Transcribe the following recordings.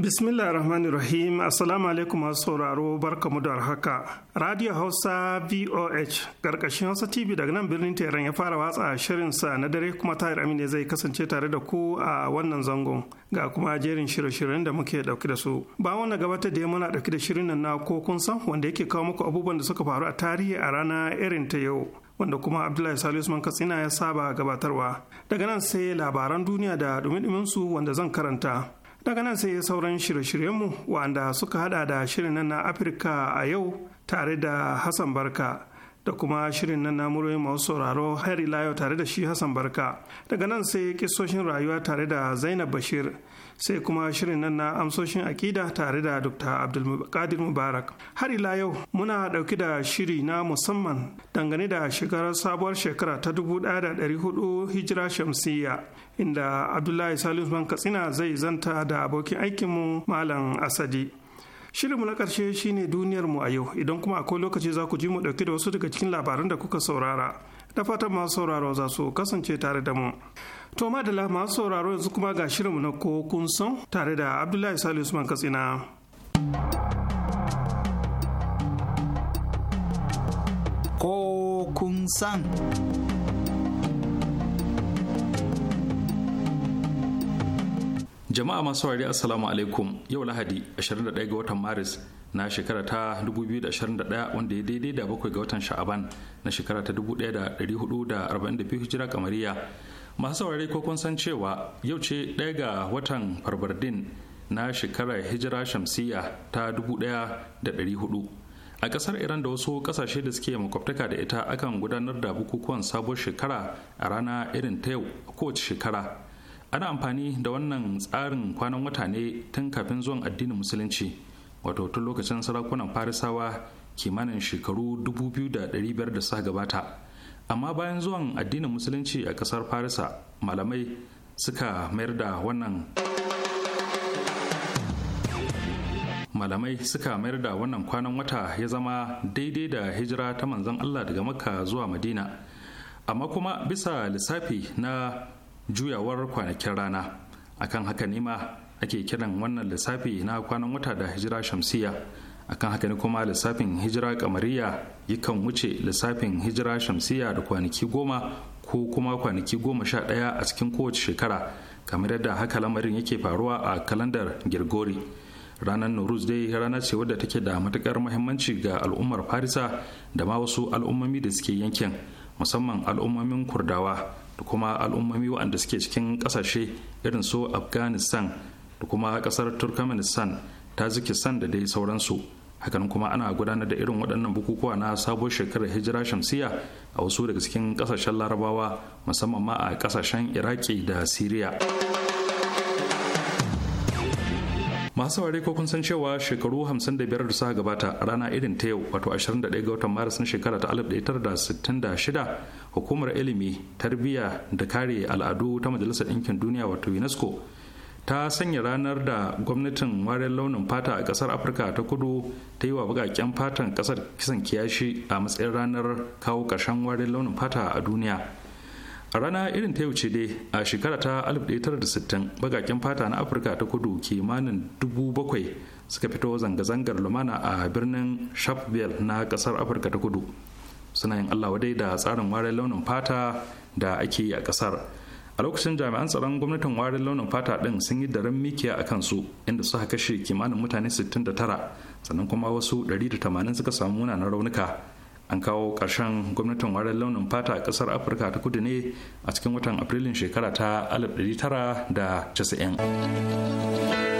Bismillah rahman rahim Assalamu alaikum masu sauraro barkamu da haka. Radio Hausa VOH karkashin Hausa TV daga nan birnin Tehran ya fara watsa shirinsa na dare kuma Tahir Amine zai kasance tare da ku a wannan zangon ga kuma jerin shirye-shiryen da muke ɗauki da su. Ba wannan gabatar da muna ɗauki da shirin nan na ko kun san wanda yake kawo muku abubuwan da suka faru a tarihi a rana irin ta yau. wanda kuma abdullahi salisu usman katsina ya saba gabatarwa daga nan sai labaran duniya da dumi su wanda zan karanta daga nan sai sauran shirye-shiryenmu wanda suka hada da shirin nan na afirka a yau tare da hassan barka da kuma shirin nan na muryoyin masu sauraro hayar ila tare da shi hassan barka daga nan sai kisoshin rayuwa tare da zainab bashir sai kuma shirin nan na amsoshin akida tare da dr abdulkadir mubarak har ila yau muna ɗauki da shiri na musamman dangane da shekarar sabuwar shekara ta dubu hudu hijira shamsiyya inda abdullahi salim usman katsina zai zanta da abokin aikinmu malam asadi shirinmu na ƙarshe shine mu a yau idan kuma akwai lokaci za ku ji mu ɗauki da wasu daga cikin labaran da kuka saurara da fatan masu sauraro za su kasance tare da mu To madala masu sauraro yanzu kuma ga shirinmu na ko kun san tare da Abdullahi Salisu Usman Katsina. Ko kun san. Jama'a masu wari Assalamu alaikum yau Lahadi 21 ga watan Maris na shekara ta 2021 wanda ya daidai da bakwai ga watan Sha'aban na shekara ta 1442 Hijira kamariya. masu saurari ko kun san cewa yau ce ɗaya ga watan farbardin na shekarar hijira shamsiya ta 1400 a ƙasar iran da wasu ƙasashe da suke makwabtaka da ita akan gudanar da bukukuwan sabon shekara a rana irin ta yau kowace shekara ana amfani da wannan tsarin kwanan wata ne tun kafin zuwan addinin musulunci wato tun lokacin sarakunan farisawa kimanin shekaru 2500 da suka gabata amma bayan zuwan addinin musulunci a kasar farisa malamai suka mayar da wannan malamai suka mayar da wannan kwanan wata ya zama daidai da hijira ta manzon Allah daga makka zuwa madina amma kuma bisa lissafi na juyawar kwanakin rana akan haka nima ake kiran wannan lissafi na kwanan wata da hijira shamsiya akan haka ne kuma lissafin hijira kamariya yakan wuce lissafin hijira shamsiya da kwanaki goma ko kuma kwanaki goma sha ɗaya a cikin kowace shekara kamar yadda haka lamarin yake faruwa a kalandar girgori ranar noruz dai rana ce wadda take da matukar muhimmanci ga al'ummar farisa da ma wasu al'ummomi da suke yankin musamman al'ummomin kurdawa da kuma al'ummomi waɗanda suke cikin ƙasashe irin su afghanistan da kuma ƙasar turkmenistan tajikistan da dai sauransu hakan kuma ana gudanar da irin waɗannan bukukuwa na sabuwar shekarar hijira shamsiya a wasu daga cikin ƙasashen larabawa musamman ma a ƙasashen iraki da siriya masu saurari ko kun san cewa shekaru 55 da suka gabata rana irin ta yau wato 21 ga watan maris na shekara ta 1966 hukumar ilimi tarbiyya da kare al'adu ta majalisar ɗinkin duniya wato unesco ta sanya ranar da gwamnatin wariyar launin fata a kasar afirka ta kudu ta yi wa bukaken fatan kasar kisan kiyashi a matsayin ranar kawo ƙarshen wariyar launin fata a duniya a rana irin ta wuce dai a shekara ta 1960 bagaken fata na afirka ta kudu kimanin dubu suka fito zanga-zangar lumana a birnin sharpeville na kasar afirka ta kudu suna yin allawa dai da tsarin wariyar launin fata da ake yi a kasar a lokacin jami'an tsaron gwamnatin warin launin fata ɗin sun yi daren mikiya a kansu inda suka kashe kimanin mutane 69 sannan kuma wasu 180 suka samu munanan raunuka an kawo ƙarshen gwamnatin warin launin fata a ƙasar afirka ta kudu ne a cikin watan afrilun shekara ta 1990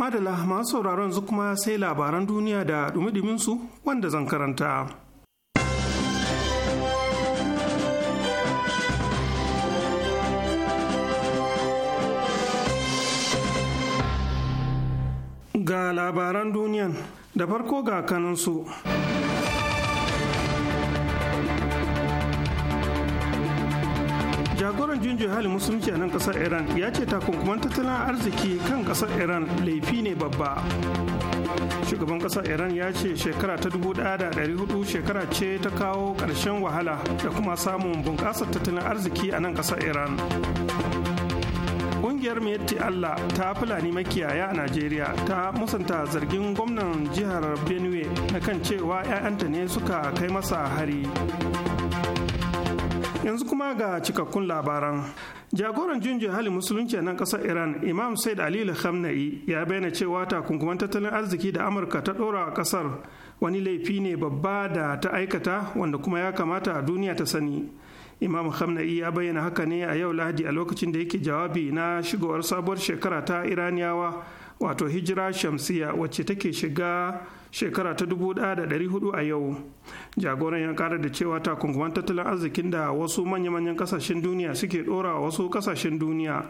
Madala masu sauraron zu kuma sai labaran duniya da dumi su wanda zan karanta. Ga labaran duniyan da farko ga kanansu. junjo hali musulunci a nan kasar iran ya ce takunkuman tattalin arziki kan kasar iran laifi ne babba shugaban kasar iran ya ce shekara ta 1400 shekara ce ta kawo karshen wahala da kuma samun bunƙasar tattalin arziki a nan kasar iran Ƙungiyar mai Allah ta Fulani makiyaya a Najeriya ta musanta zargin gwamnan jihar Benue na kan cewa 'ya'yanta ne suka kai masa hari. yanzu kuma ga cikakkun labaran jagoran junji hali musulunci a nan kasar iran imam said ali khamnai ya bayyana cewa takunkuman tattalin arziki da amurka ta dora a kasar wani laifi ne babba da ta aikata wanda kuma ya kamata a duniya ta sani imam khamnai ya bayyana haka ne a yau lahadi a lokacin da yake jawabi na shigowar sabuwar shekara ta iraniyawa wato hijira shamsiya wacce take shiga shekara ta 1400 a yau jagoran ya kara da cewa takunkuman tattalin arzikin da wasu manya-manyan kasashen duniya suke dora wasu kasashen duniya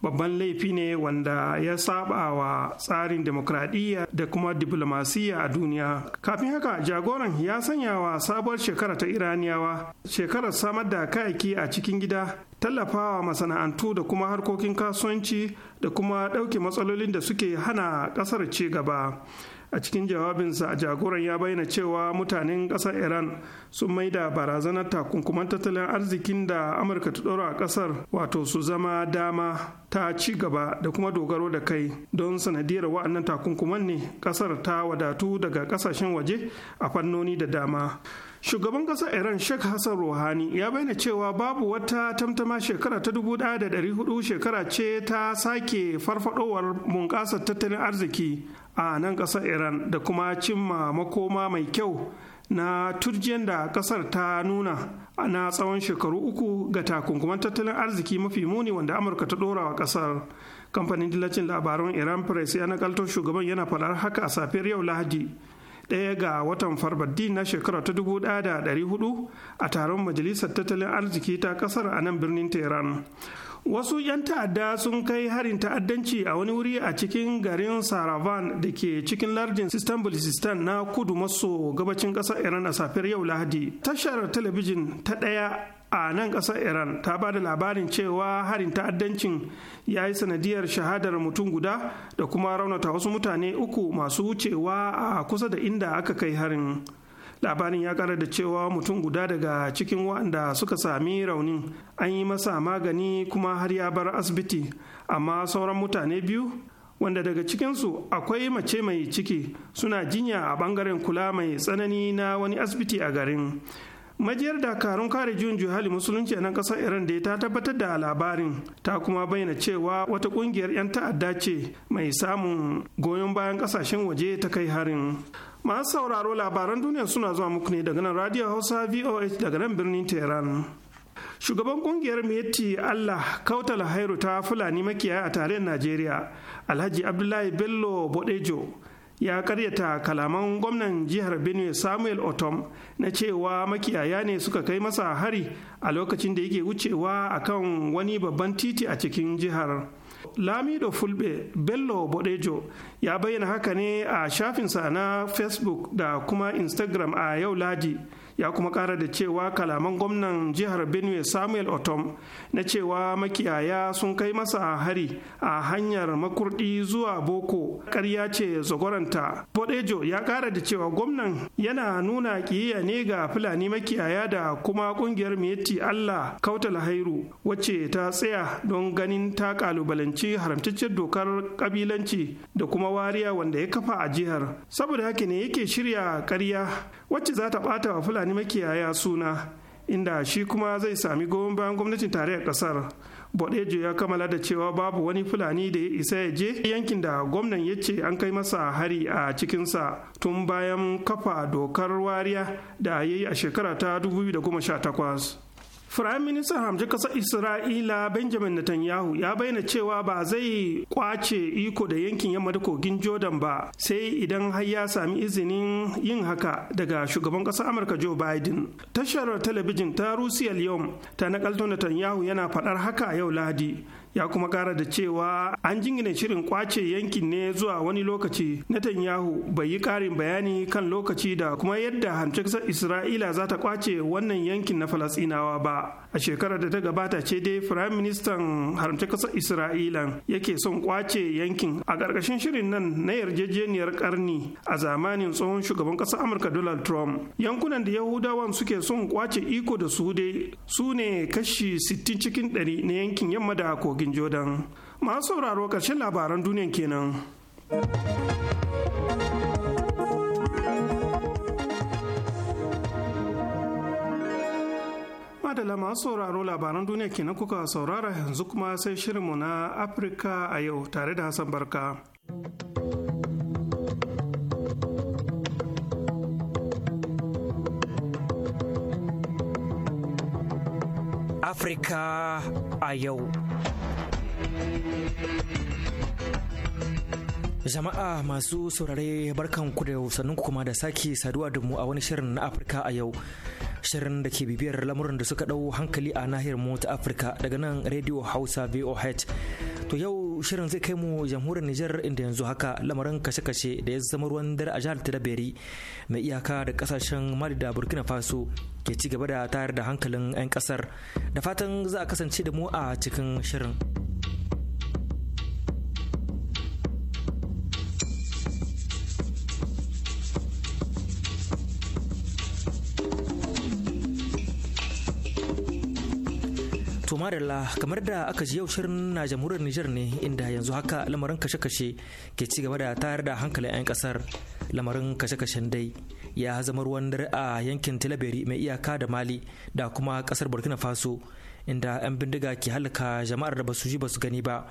babban laifi ne wanda ya saba wa tsarin demokradiyya da kuma diplomasiyya a duniya kafin haka jagoran ya sanya wa sabuwar shekara ta iraniyawa shekarar samar da kayaki a cikin gida tallafawa masana'antu da kuma harkokin kasuwanci da kuma ɗauke matsalolin da suke hana ƙasar ci gaba a cikin jawabinsa a jagoran ya bayyana cewa mutanen ƙasar iran sun maida barazanar takunkuman tattalin arzikin da amurka ta ɗora a ƙasar wato su zama dama ta ci gaba da kuma dogaro da kai don sanadiyar wa'annan takunkuman ne ƙasar ta wadatu daga ƙasashen waje a fannoni da dama shugaban ƙasar iran sheikh hassan rouhani ya bayyana cewa babu wata tamtama shekara ta 1400 shekara ce ta sake farfadowar bunƙasar tattalin arziki a nan ƙasar iran da kuma cimma makoma mai kyau na turjiyar da ƙasar ta nuna na tsawon shekaru uku ga takunkuman tattalin arziki mafi muni wanda amurka ta ɗora wa ƙasar kamfanin dillacin labaran iran press ya nakalto shugaban yana faɗar haka a safiyar yau lahadi ɗaya ga watan farbaddi na shekara ta dubu ɗaya da ɗari hudu a taron majalisar tattalin arziki ta ƙasar a nan birnin tehran wasu 'yan ta'adda sun kai harin ta'addanci a wani wuri a cikin garin saravan da ke cikin lardin sistan bulisistan na kudu maso gabacin ƙasar iran a safiyar yau lahadi tashar talabijin ta ɗaya a nan ƙasar iran ta ba da labarin cewa harin ta'addancin ya yi sanadiyar shahadar mutum guda da kuma raunata wasu mutane uku masu wucewa a kusa da inda aka kai harin labarin ya kara da cewa mutum guda daga cikin waɗanda suka sami raunin an yi masa magani kuma har ya bar asibiti amma sauran mutane biyu wanda daga cikinsu akwai mace mai ciki suna jinya a bangaren kula mai tsanani na wani asibiti a garin majiyar dakarun kare juyin juhali musulunci a nan kasar iran da ta tabbatar da labarin ta kuma bayyana cewa wata kungiyar 'yan ta'adda ce mai samun goyon bayan kasashen waje ta kai harin masu sauraro labaran duniya suna zuwa muku ne daga nan radio hausa voh daga nan birnin tehran shugaban kungiyar meti allah kautal hairu ta fulani makiyaya a tarayyar najeriya alhaji abdullahi bello bodejo ya karyata kalaman gwamnan jihar benue samuel otom na cewa makiyaya ne suka kai masa hari a lokacin da yake wucewa a kan wani babban titi a cikin jihar lamido fulbe bello bodejo ya bayyana haka ne a shafinsa na facebook da kuma instagram a yau ladi ya kuma kara da cewa kalaman gwamnan jihar benue samuel otom na cewa makiyaya sun kai masa hari a hanyar makurdi zuwa boko karya ce zagoranta bodejo ya kara da cewa gwamnan yana nuna kiyaya ne ga fulani makiyaya da kuma kungiyar miyetti allah kautal hairu wacce ta tsaya don ganin ta kalubalanci haramtaccen dokar kabilanci da kuma wariya wanda ya kafa a jihar saboda haka ne yake shirya karya wacce za ta bata wa fulani ni makiyaya suna inda shi kuma zai sami goyon bayan gwamnatin tarayyar kasar. Bodejo ya kammala da cewa babu wani Fulani da ya isa ya je yankin da gwamnan ya ce an kai masa hari a cikinsa tun bayan kafa dokar wariya da ya yi a shekara ta 2018. Firayim Ministan Hamji Ƙasar Isra'ila Benjamin Netanyahu ya bayyana cewa ba zai kwace iko da yankin yamma da kogin Jordan ba sai idan har ya sami izinin yin haka daga shugaban ƙasar Amurka Joe Biden. Tashar talabijin ta Rusiyal yau ta nakalto Netanyahu yana faɗar haka yau Lahadi ya kuma kara da cewa an jingina shirin kwace yankin ne zuwa wani lokaci na netanyahu bai yi karin bayani kan lokaci da kuma yadda kasar isra'ila za ta kwace wannan yankin na falasinawa ba a shekarar da ta gabata ce dai firayim ministan kasar isra'ila yake son kwace yankin a ƙarƙashin shirin nan na yarjejeniyar karni a zamanin tsohon shugaban ƙasar amurka donald trump yankunan da yahudawan suke son kwace iko da su dai su ne kashi 60 cikin 100 na yankin yamma da kogin kogin jordan masu sauraro ƙarshen labaran duniyan kenan madala masu sauraro labaran duniya kenan kuka saurara yanzu kuma sai shirinmu na afirka a yau tare da hassan barka afirka a yau Jama'a masu saurare barkan ku da sannun ku kuma da sake saduwa da mu a wani shirin na Afirka a yau. Shirin da ke bibiyar lamurin da suka ɗau hankali a nahiyar mu ta Afirka daga nan Radio Hausa VOH. To yau shirin zai kai mu jamhuriyar Nijar inda yanzu haka lamarin kashe-kashe da ya zama ruwan dare a jihar Talabere mai iyaka da kasashen Mali da Burkina Faso ke ci gaba da tayar da hankalin 'yan kasar da fatan za a kasance da mu a cikin shirin. Somalia kamar da aka ji yau shirin na jamhuriyar Nijar ne inda yanzu haka lamarin kashe-kashe ke ci gaba da tayar da hankalin 'yan kasar lamarin kashe-kashen dai ya zama ruwan dare a yankin Tilaberi mai iyaka da Mali da kuma kasar Burkina Faso inda 'yan bindiga ke halaka jama'ar da basu ji basu gani ba.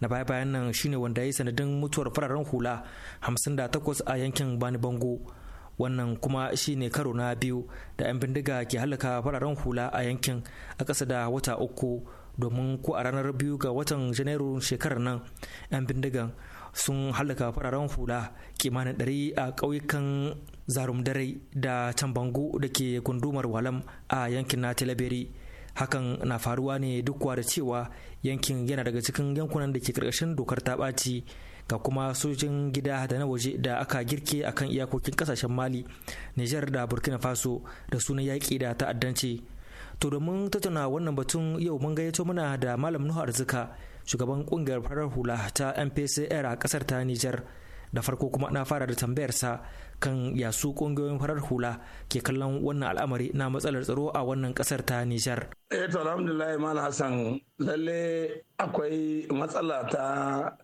Na baya-bayan nan shine wanda ya yi sanadin mutuwar fararen hula 58 a yankin Bani Bango. wannan kuma shine karo na biyu da 'yan bindiga ke halaka fararen hula a yankin a ƙasa da wata uku domin ko a ranar biyu ga watan janairu shekarar nan 'yan bindigan sun halaka fararen hula kimanin ɗari a ƙauyukan zarum dare da bango da ke gundumar walam a yankin na talabiri hakan na faruwa ne duk da cewa yankin yana daga cikin yankunan da ke ƙarƙashin dokar ta ɓaci ga kuma sojin gida da na waje da aka girke a kan iyakokin kasashen mali niger da burkina faso da sunan yaƙi da ta'addanci to domin tattauna wannan batun yau mun gayyato muna da malam nuhu arzika shugaban kungiyar farar hula ta mpcr a kasar ta nijar da farko kuma na fara da tambayarsa kan ya su kungiyoyin farar hula ke kallon wannan al'amari na matsalar tsaro a wannan kasar ta nijar eh to alhamdulillah malam hassan lalle akwai matsala ta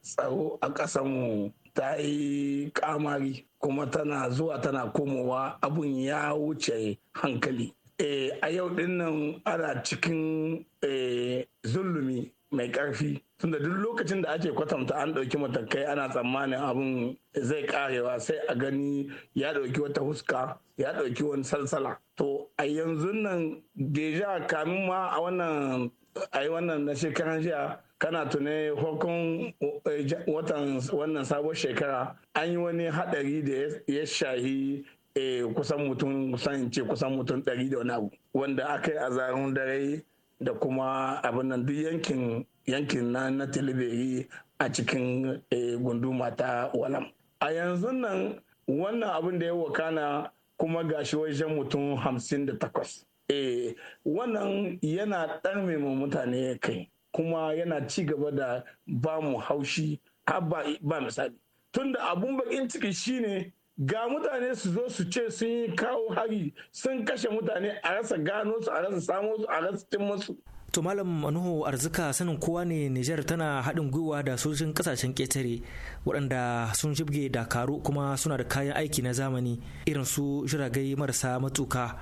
tsaro a ƙasanmu ta yi kamari kuma tana zuwa tana komowa abun ya wuce hankali eh, a yau dinnan ana cikin eh, zulumi mai ƙarfi tunda duk lokacin da ake kwatanta an ɗauki matakai ana tsammanin abin zai karewa sai a gani ya ɗauki wata huska ya ɗauki wani salsala to a yanzu nan deja kamin ma a wannan a yi wannan na shekaran jiya kana tune hukun eh, watan wannan sabon shekara an yi wani haɗari da ya shahi eh, kusan mutum kusan ce kusan mutum ɗari da wani abu wanda aka yi a zarun dare da kuma abin nan duk yankin yankin na na tilibiri a cikin eh, gunduma ta walam a yanzu nan wannan abin da ya wakana kuma gashi wajen mutum hamsin da takwas eh wannan yana ɗarme mutane kai kuma yana ci gaba da ba mu haushi har ba misali tunda abun bakin ciki shine ga mutane su zo su ce sun yi kawo hari sun kashe mutane a rasa gano su a rasa samo su a rasa cin To Malam manuho Arzika sanin kowa ne Niger tana haɗin gwiwa da sojojin ƙasashen ƙetare waɗanda sun jibge Dakaru kuma suna da kayan aiki na zamani irin su jiragai marasa matuka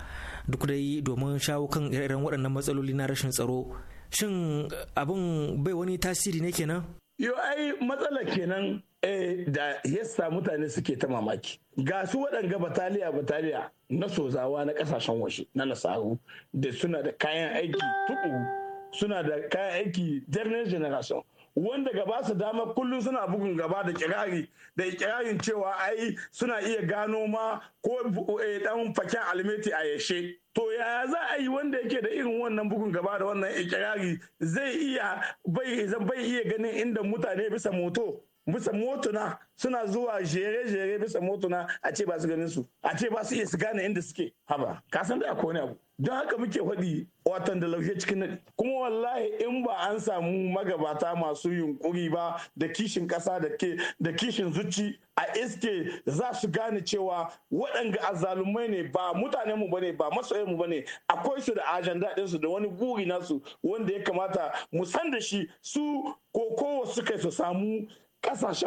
duk dai domin shawo kan ire-iren waɗannan matsaloli na rashin tsaro. Shin abin bai wani tasiri ne kenan? Yo ai matsala kenan eh da yasa mutane suke ta mamaki ga su waɗanga bataliya bataliya na sozawa na ƙasashen washe na nasaru da suna da kayan aiki tuku suna da kayan aiki dernier generation wanda gaba su dama kullum suna bugun gaba da kirari da kirarin cewa ai suna iya gano ma ko dan eh, faken almeti a yashe to yaya za a yi wanda yake da irin wannan bugun gaba da wannan ikirari zai iya bai iya ganin inda mutane bisa moto bisa motuna suna zuwa jere-jere bisa motuna a ce ba su ganin su a ce ba su iya gane inda suke haba ka san da akwai wani abu don haka muke faɗi watan da lauje cikin nadi kuma wallahi in ba an samu magabata masu yunkuri ba da kishin ƙasa da ke da kishin zuci a iske za su gane cewa waɗanga azalumai ne ba mutane mu bane ba masoyan mu bane akwai su da ajanda su da wani buri nasu wanda ya kamata mu san da shi su kokowa suka su samu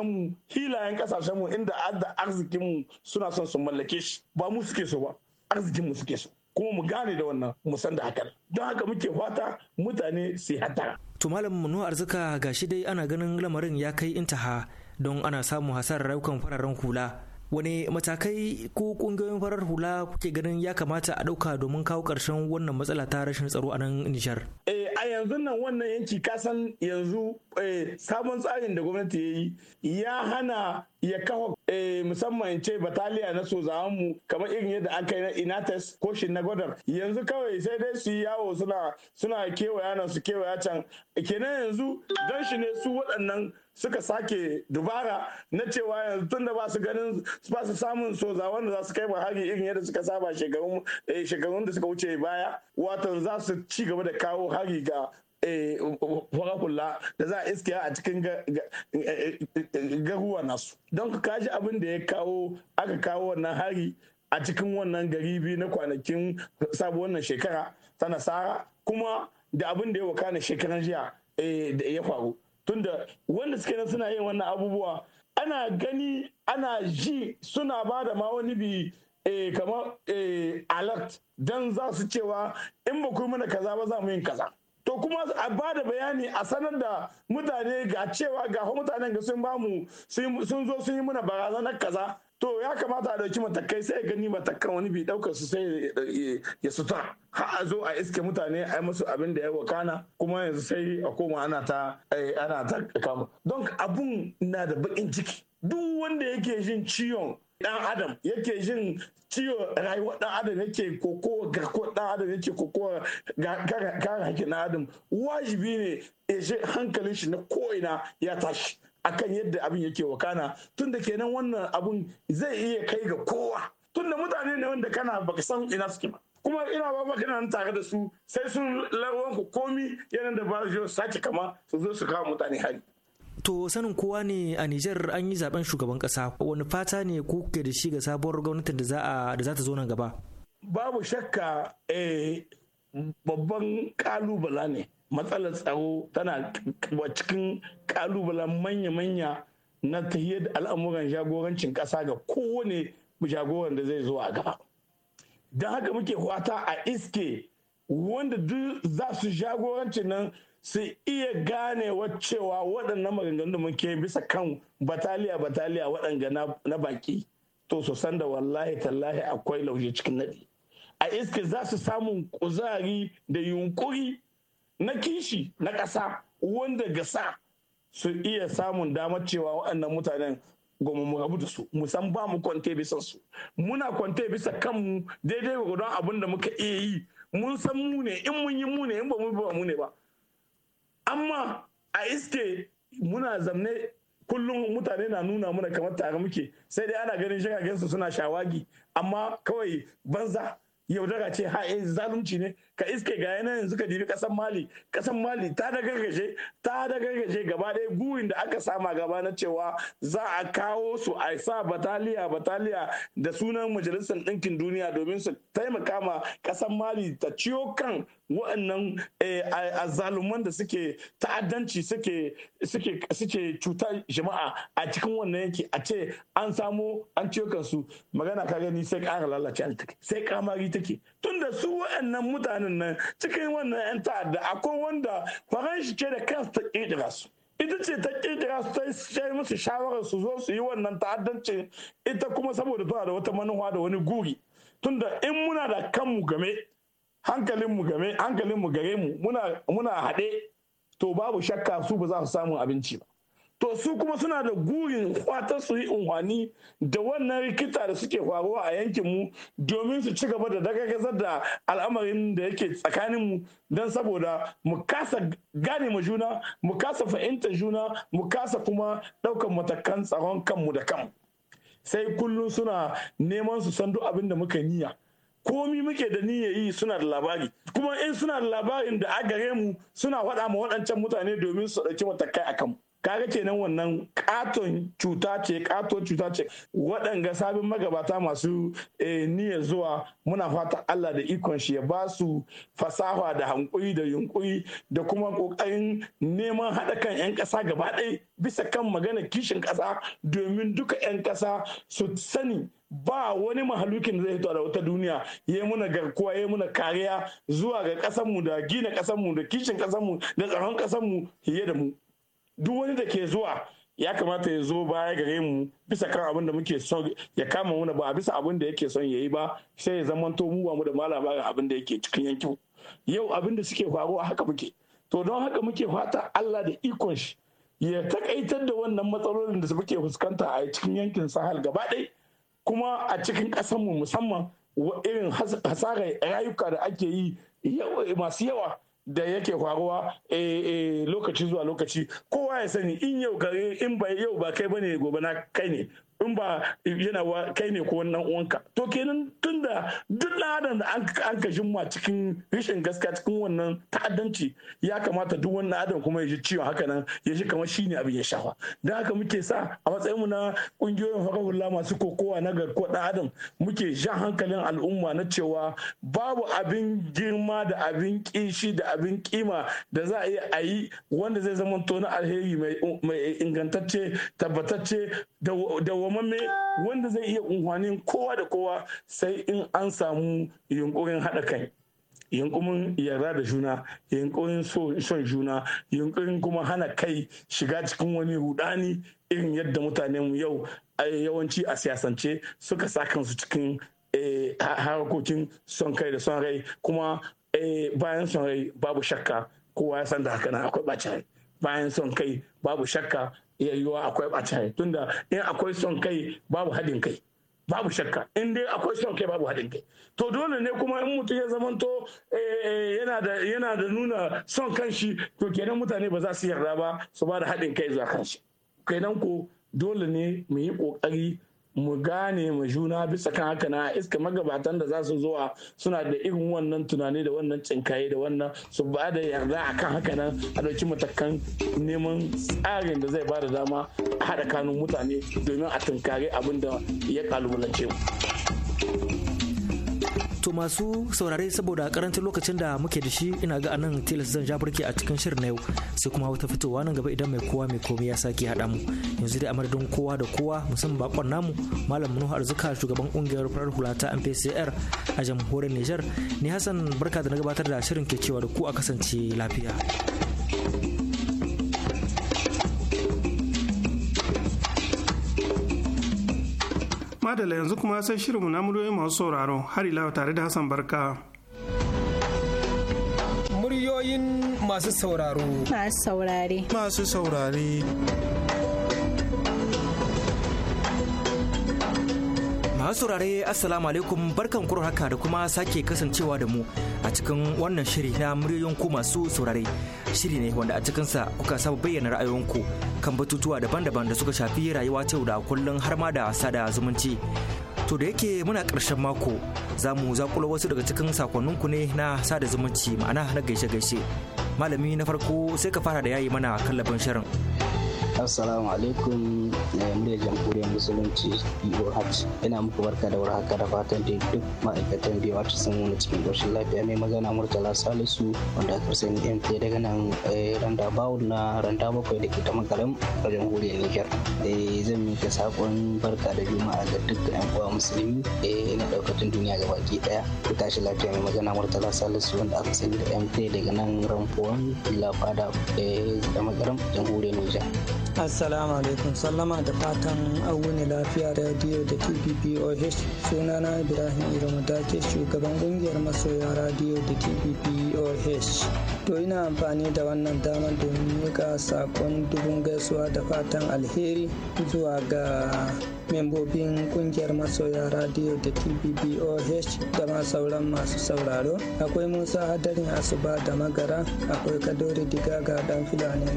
mu hilayen mu inda adda arzikinmu suna son su mallake shi ba mu suke so ba arzikin mu suke so kuma mu gane da wannan mu san da hakan don haka muke fata mutane su hatara. to malam manu arzika gashi dai ana ganin lamarin ya kai intaha don ana samun hasarar raukan fararen hula wani matakai ko kungiyoyin farar hula kuke ganin ya kamata a ɗauka domin kawo karshen wannan matsala ta rashin tsaro a nan Nijar? Eh a yanzu nan wannan yanki kasan yanzu Eh, sabon tsarin da gwamnati ya yi ya hana ya kawo eh, musamman ce bataliya na mu kamar irin yadda aka yi na inates ko shi na gwadar yanzu kawai sai dai su yi yawo suna suna kewaya na su kewaya can kenan yanzu don shi ne su waɗannan suka sake dubara na cewa yanzu tunda ba su ganin ba su samun soza wanda za su kai ba hari irin yadda suka saba eh, shekarun da suka wuce baya watan za su ci gaba da kawo hari ga Eh, um, um, kula da za a iske a cikin garuwa eh, nasu don ka ji abin da ya kawo aka kawo wannan hari a cikin wannan gari biyu na kwanakin sabu wannan shekara ta nasara kuma da abin da ya na shekaran jiya eh, da ya faru tunda wanda suke nan suna yin wannan abubuwa ana gani ana ji suna ba da ma wani bi kamar alert don za su cewa in ba mana kaza ba za mu yin kaza to kuma a ba da bayani a sanar da mutane ga cewa ga mutanen ga sun bamu sun zo sun yi muna barazanar kaza to ya kamata a ɗauki matakai sai gani matakan wani bi ɗaukar su sai ya suta har a zo a iske mutane a yi musu abin da ya wakana kuma yanzu sai a koma ana ta eh, ana ta kama don abun na da bakin ciki duk wanda yake jin ciwon dan adam yake jin ciwo rayuwa dan adam yake kokowa dan adam yake kokowa kare hakin dan adam wajibi ne ya je hankalin shi na ko'ina ya tashi akan yadda abin yake wakana tunda kenan wannan abun zai iya kai ga kowa tunda mutane ne wanda kana baka san ina suke ba kuma ina ba maka nan tare da su sai sun larwanku komi yanan da ba su sace kama su zo su kawo mutane hari To sanin kowa ne a Nijar an yi zaben shugaban kasa wani fata ne ko kuke da shi ga sabuwar gwamnatin da za da ta zo nan gaba? Babu shakka eh, babban kalubala ne matsalar tsaro tana cikin kalubala manya-manya na tahiyar da al'amuran jagorancin kasa ga kowane jagoran da zai zo a gaba. Don haka muke fata a iske wanda duk za su jagorancin nan su iya gane cewa waɗannan maganganu da muke bisa kan bataliya bataliya waɗanga na baki to su san da wallahi tallahi akwai lauje cikin naɗi a iske za su samu kuzari da yunkuri na kishi na ƙasa wanda gasa su iya samun damar cewa waɗannan mutanen goma mu rabu da su mu san ba mu kwante bisa su muna kwante bisa kanmu daidai don abin da muka iya yi mun san mu ne in mun yi mu ne in ba mu ba mu ne ba amma a iske muna zamne kullum mutane na nuna muna kamar tare muke sai dai ana ganin su suna shawagi amma kawai banza yaudara ce ha'e eh, zalunci ne ka iske ga yanayin yanzu ka dibi kasan mali kasan mali ta da gargaje ta da gargaje gaba ɗaya burin da aka sama gaba na cewa za a kawo su a sa bataliya bataliya da sunan majalisar ɗinkin duniya domin su taimaka ma kasan mali ta ciyo kan waɗannan eh, azaluman da suke ta'addanci suke cutar jama'a a cikin wannan yanki a ce an samu an ciyo kansu magana ka gani sai ƙara lalace sai kamari take tunda su waɗannan mutanen nan cikin wannan 'yan ta'adda akwai wanda faranshi ce da kansu ta ƙirƙira su ita ce ta ƙirƙira su ta yi musu shawarar su zo su yi wannan ta'addanci ita kuma saboda tana da wata manuwa da wani guri tunda in muna da kanmu game hankalinmu game hankalinmu gare mu muna haɗe to babu shakka su ba za su samu abinci ba to su kuma suna da gurin kwatar su yi unhwani da wannan rikita da suke faruwa a yankinmu domin su ci gaba da dagagazar da al'amarin da yake tsakaninmu don saboda mu kasa gane mu juna mu kasa fahimtar juna mu kasa kuma ɗaukan matakan tsaron kanmu da kanmu sai kullum suna neman su san abin da muka niyya komi muke da niyya yi suna da labari kuma in suna da labarin da a gare mu suna faɗa ma waɗancan mutane domin su ɗauki matakai a kanmu kaga kenan wannan katon cuta ce katon cuta ce waɗanga sabin magabata masu eh, niyyar zuwa muna fata Allah da ikon shi ya ba su fasaha da hankuri da yunkuri da kuma ƙoƙarin neman haɗa kan 'yan ƙasa gaba ɗaya bisa kan magana kishin ƙasa domin duka 'yan ƙasa su sani ba wani mahalukin zai fito da wata duniya ya muna garkuwa ya muna kariya zuwa ga ƙasarmu da gina ƙasarmu da kishin ƙasarmu da tsaron ƙasarmu fiye da mu duk wani da ke zuwa ya kamata ya zo baya gare mu bisa kan abin da muke son ya kama muna ba bisa abin da yake son ya yi ba sai ya to mu ba mu da malama ga abin da yake cikin yankin yau abin da suke faruwa haka muke to don haka muke fata Allah da ikon shi ya takaitar da wannan matsalolin da suke fuskanta a cikin yankin sahal gaba ɗaya kuma a cikin ƙasarmu musamman irin hasarar rayuka da ake yi masu yawa da yake faruwa eh, eh, lokaci zuwa lokaci kowa ya sani in yau in ba yau ba kai bane gobe na kai ne in ba yana wa kai ne ko wannan uwanka to kenan tunda duk ladan da an ka jimma cikin rishin gaskiya cikin wannan ta'addanci ya kamata duk wannan adam kuma ya ji ciwon haka nan ya ji kamar shi ne abin ya shafa dan haka muke sa a matsayin mu na kungiyoyin hukawulla masu kokowa na garkuwar dan adam muke jan hankalin al'umma na cewa babu abin girma da abin kishi da abin kima da za a yi a yi wanda zai zama na alheri mai ingantacce tabbatacce da me wanda zai iya unhwanin kowa da kowa sai in an samu yunkurin haɗa kai yunkurin yarda da juna yunkurin son juna yunkurin kuma hana kai shiga cikin wani rudani irin yadda mutanenmu yau yawanci a siyasance suka sa kansu cikin eh, harkokin son kai da son rai kuma eh, bayan son rai babu shakka kowa ya san da haka na akwai bacin bayan son kai babu shakka iya yiwuwa akwai ɓacin tunda in akwai son kai babu haɗin kai babu shakka in dai akwai son kai babu haɗin kai to dole ne kuma in mutum ya zamanto eh, eh, yana da nuna son kanshi to kenan mutane ba za su yarda ba su ba da haɗin kai zuwa kanshi kenan ko dole ne mu yi ƙoƙari mu gane ma juna bisa kan haka na iska magabatan da za su zuwa suna da irin wannan tunani da wannan cinkaye da wannan su ba da yarda kan haka nan a ɗauki matakan neman tsarin da zai ba da dama a haɗa kanun mutane domin a tunkari abin da ya kalubalance mu. To masu saurare saboda karancin lokacin da muke da shi ina ga anan tilas zan ja burki a cikin shirin na yau sai kuma wata fitowa nan gaba idan mai kowa mai komai ya sake haɗa mu yanzu dai a madadin kowa da kowa musamman bakon namu malam Nuhu Arzuka shugaban kungiyar farar hulata ta MPCR a jamhuriyar Niger ni Hassan barka da na gabatar da shirin ke cewa da ku a kasance lafiya. madala yanzu kuma sai shirinmu na muryoyi masu sauraro har ila tare da hassan barka muryoyin masu sauraro masu saurare masu saurare Ma saurare Assalamu alaikum barkan kuro haka da kuma sake kasancewa da mu a cikin wannan shiri na muryoyin ku masu saurare. Shiri ne wanda a cikinsa kuka saba bayyana ra'ayoyinku kan batutuwa daban-daban da suka shafi rayuwa ta yau da kullum har ma da sada zumunci. To da yake muna ƙarshen mako za mu zakula wasu daga cikin ku ne na sada zumunci ma'ana na gaishe-gaishe. Malami na farko sai ka fara da yayi mana kallabin shirin. assalamu alaikum muryar jamhuriyar musulunci boh ina muku barka da warhaka da fatan da duk ma'aikatan biyu wata sun wani cikin ƙoshin lafiya mai magana murtala salisu wanda aka sani mp daga nan eh, randa bawul na randa bakwai da ke ta makaram a jamhuriyar niger eh, zan mika saƙon barka da juma'a ga duk yan uwa musulmi eh, ina ɗaukacin duniya ga baki ɗaya ku tashi lafiya mai magana murtala salisu wanda aka sani da mp daga nan ramfuwan lafada da makaram jamhuriyar niger assalamu alaikum sallama da fatan auni lafiya radio da tppoh sunana ibrahim iramu ke shugaban kungiyar masoya radio da tppoh to ina amfani da wannan damar domin miƙa sakon dubun gaisuwa da fatan alheri zuwa ga membobin kungiyar masoya radio da tppoh da ma sauran masu sauraro akwai musa hadarin asuba da magara akwai kadori digaga dan filanin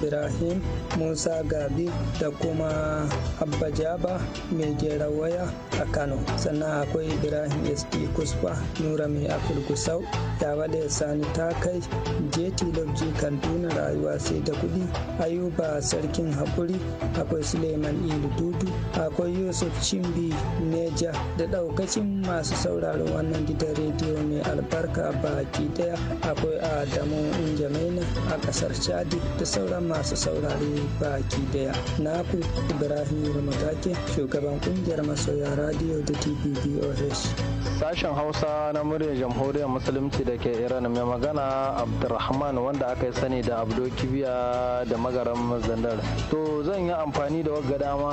ibrahim musa musa gabi da kuma abba jaba mai gera waya a kano sannan akwai ibrahim sp kusfa nura mai afir gusau ya sani ta kai jeti lobji kaduna rayuwa sai da kudi ayuba sarkin haƙuri akwai suleiman ilu dudu akwai yusuf cimbi neja da ɗaukacin masu sauraron wannan gidan rediyo mai albarka baki daya akwai adamu injamaina a ƙasar chadi da sauran masu saurari ba baki daya na ibrahim matake shugaban kungiyar masoya radio da sashen hausa na muryar jamhuriyar musulunci da ke iran mai magana abdulrahman wanda aka yi sani da abdo kibiya da magaran zandar to zan yi amfani da wagga dama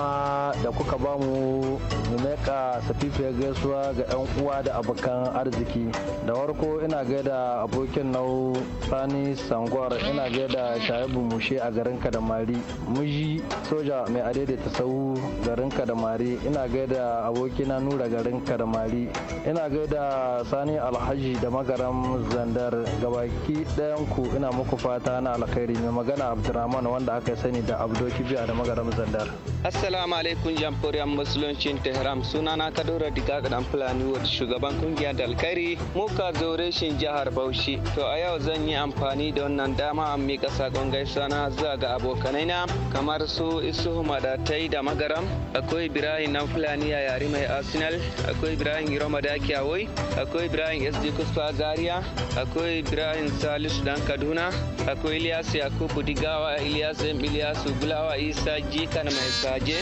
da kuka ba mu meka safifiyar gaisuwa ga yan uwa da abokan arziki da warko ina gaida abokin nau sani sangwar ina gaida shaibu mushe a garin kadamari muji soja mai adaidaita sahu garin kadamari ina gaida abokina nura garin kadamari ina gaida sani alhaji da magaram zandar gabaki ɗayan ku ina muku fata na alkhairi mai magana abdurrahman wanda aka sani da abdoki biya da magaram zandar assalamu alaikum jamhuriyar musuluncin tehran sunana kadura diga ga fulani shugaban kungiyar da alkhairi muka zaure shin jihar bauchi to a yau zan yi amfani da wannan dama mika miƙa saƙon gaisuwa na zuwa ga abokanai na kamar su isu madatai da magaram akwai ibrahim na fulani a yare mai arsenal akwai ibrahim iroma da kyawai akwai ibrahim sd kusfa zaria akwai ibrahim salisu dan kaduna akwai ilias yakubu digawa ilias m ilyasu gulawa isa jikan mai saje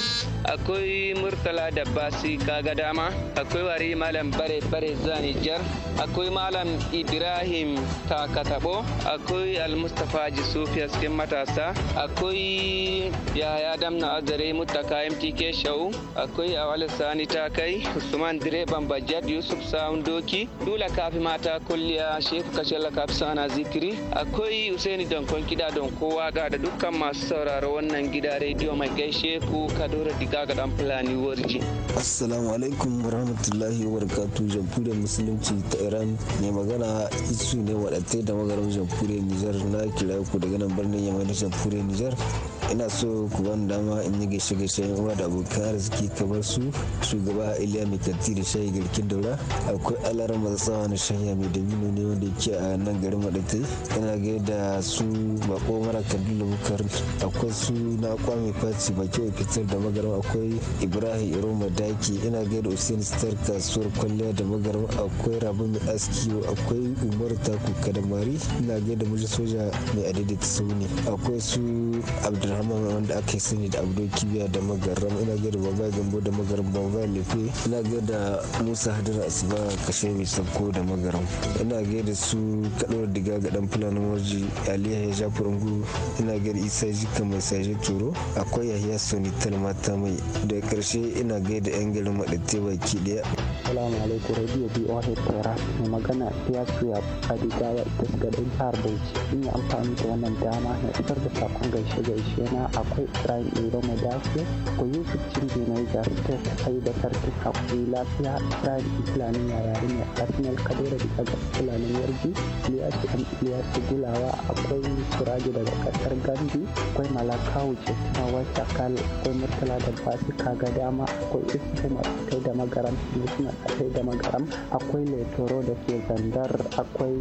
akwai murtala da basi kaga dama akwai wari malam bare bare zanijar akwai malam ibrahim takatabo akwai almustafa jisufi cikin matasa akwai ya yaya damna azare mutaka mtk shau akwai wala sani ta kai usman direban bajad yusuf sa'un doki dula kafi mata kulliya shefu kashalla kafi sana zikiri akwai don donkon kida don kowa ga da dukkan masu sauraro wannan gida rediyo mai gaishe ku kadura diga ga dan fulani warji assalamu alaikum warahmatullahi wabarakatuh jamhuriyar musulunci ta iran mai magana isu ne wadatai da magaran jamhuriyar nijar na kira ku daga nan birnin yamma na jamhuriyar nijar ina so ku ban dama in yi gaishe gaishe uwa da abokan arziki kamar su shugaba iliya mai kanti da shayi garkin daura akwai alar matsawa na shanya mai dabino ne wanda yake a nan garin madatai ina da su bako mara kaduna bukar akwai su na kwame faci baki fitar da magaram akwai ibrahim iroma daki ina da usain star kasuwar kwalliya da magaram akwai rabu mai askiyo akwai umar taku kadamari ina da muji soja mai adaidaita sauni akwai su abdul alhamman wanda aka sani da abdul kibiya da magaram ina da baba gambo da magaram baba lefe ina da musa hadar asuba kashe mai sabko da magaram ina da su kaɗuwar diga ga ɗan fulanin warji aliyu ya ja furangu ina gaida isa jika mai saje turo akwai yahiya soni talmata mai da karshe ina da yan garin maɗatte baki ɗaya Assalamu alaikum Radio BOH Tera mai magana ya suya Adigawa ita daga ɗan jihar Bauchi. Ina amfani da wannan dama na isar da sakon gaishe gaishe kenan akwai ibrahim iro mai dafiya ko cikin cinje mai jarumta kai da sarki hakuri lafiya islami islamin yayari mai arsenal kadera da daga fulanin yarji liyasu an liyasu gulawa akwai turaji daga kasar gambi akwai malakawu ce na wata kal akwai murtala da fasika ga dama akwai iska masu kai da magaram suna kai da magaram akwai letoro da ke zandar akwai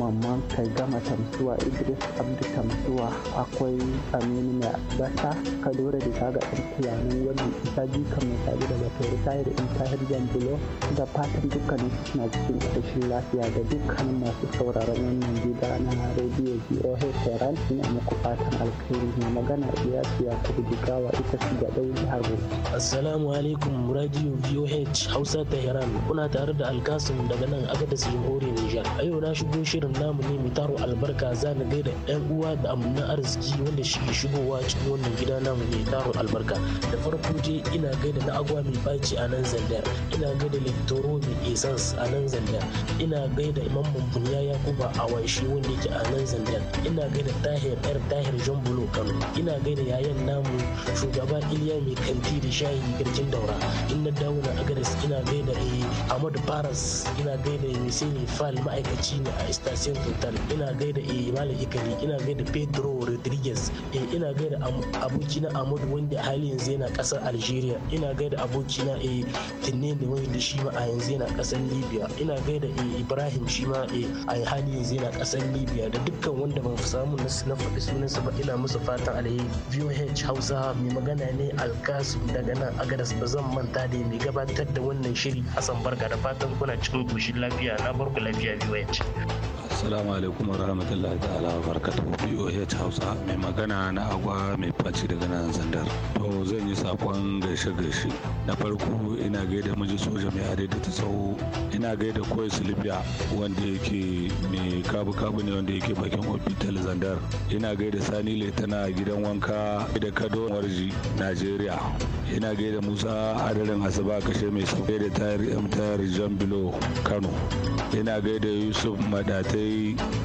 mamman kai gama tamsuwa idris abdu tamsuwa akwai aminu mina basa kadore da kaga irkiya ne wannan isa jika mai tare da batoro tayar in tayar jambulo da fatan dukkanin suna cikin ƙarshen lafiya da dukkan masu sauraron wannan gida na rediyo voh tehran ina muku fatan alkhairi na magana iya ya kudu digawa ita su ga ɗau jihar assalamu alaikum radio voh hausa tehran kuna tare da alkasun daga nan agadas jamhuriyar nijar a yau na shigo shirin namu ne mu taro albarka za gai gaida yan uwa da amina arziki wanda shi shigo shigowa cikin wannan gida namu mai taron albarka da farko je ina gaida na agwa mai baci a nan zandar ina gaida littoro mai esans a nan zandar ina gaida imam ya yakuba a washe wanda yake a nan zandar ina gaida tahir yar tahir john bulo kano ina gaida yayan namu shugaba iliya mai kanti da shayi girgin daura in na dawo na agaris ina gaida eh, amadu faras ina gaida misali fal ma'aikaci ne a station total ina gaida eh, malam ikali ina gaida pedro rodriguez eh, ina ina gaida abokina Ahmadu wanda hali yanzu yana kasar Algeria ina gaida abokina a eh, Tinne da wanda shi ma a yanzu yana kasar Libya ina gaida eh, Ibrahim shi eh, a hali yanzu yana kasar Libya da dukkan wanda ban samu na faɗi sunansa ba ina musu fatan alheri VOH Hausa mai magana ne Alkasu daga nan a Agadas ba zan manta da mai gabatar da wannan shiri Hassan Barka da fatan kuna cikin koshin lafiya na barku lafiya VOH. Assalamu alaikum warahmatullahi ta'ala wa barkatu BOH Hausa mai magana na agwa mai faci daga nan zandar. To zan yi sakon gaishe gaishe. Na farko ina gaida miji soja mai adai da ta tsawo ina gaida koyi Silibiya wanda yake mai kabu kabu ne wanda yake bakin hospital zandar. Ina gaida Sani Laitana a gidan wanka da Kado Warji Najeriya. Ina gaida Musa adadin Asaba kashe mai sauke da tayar M tayar Jambilo Kano. Ina gaida Yusuf Madatai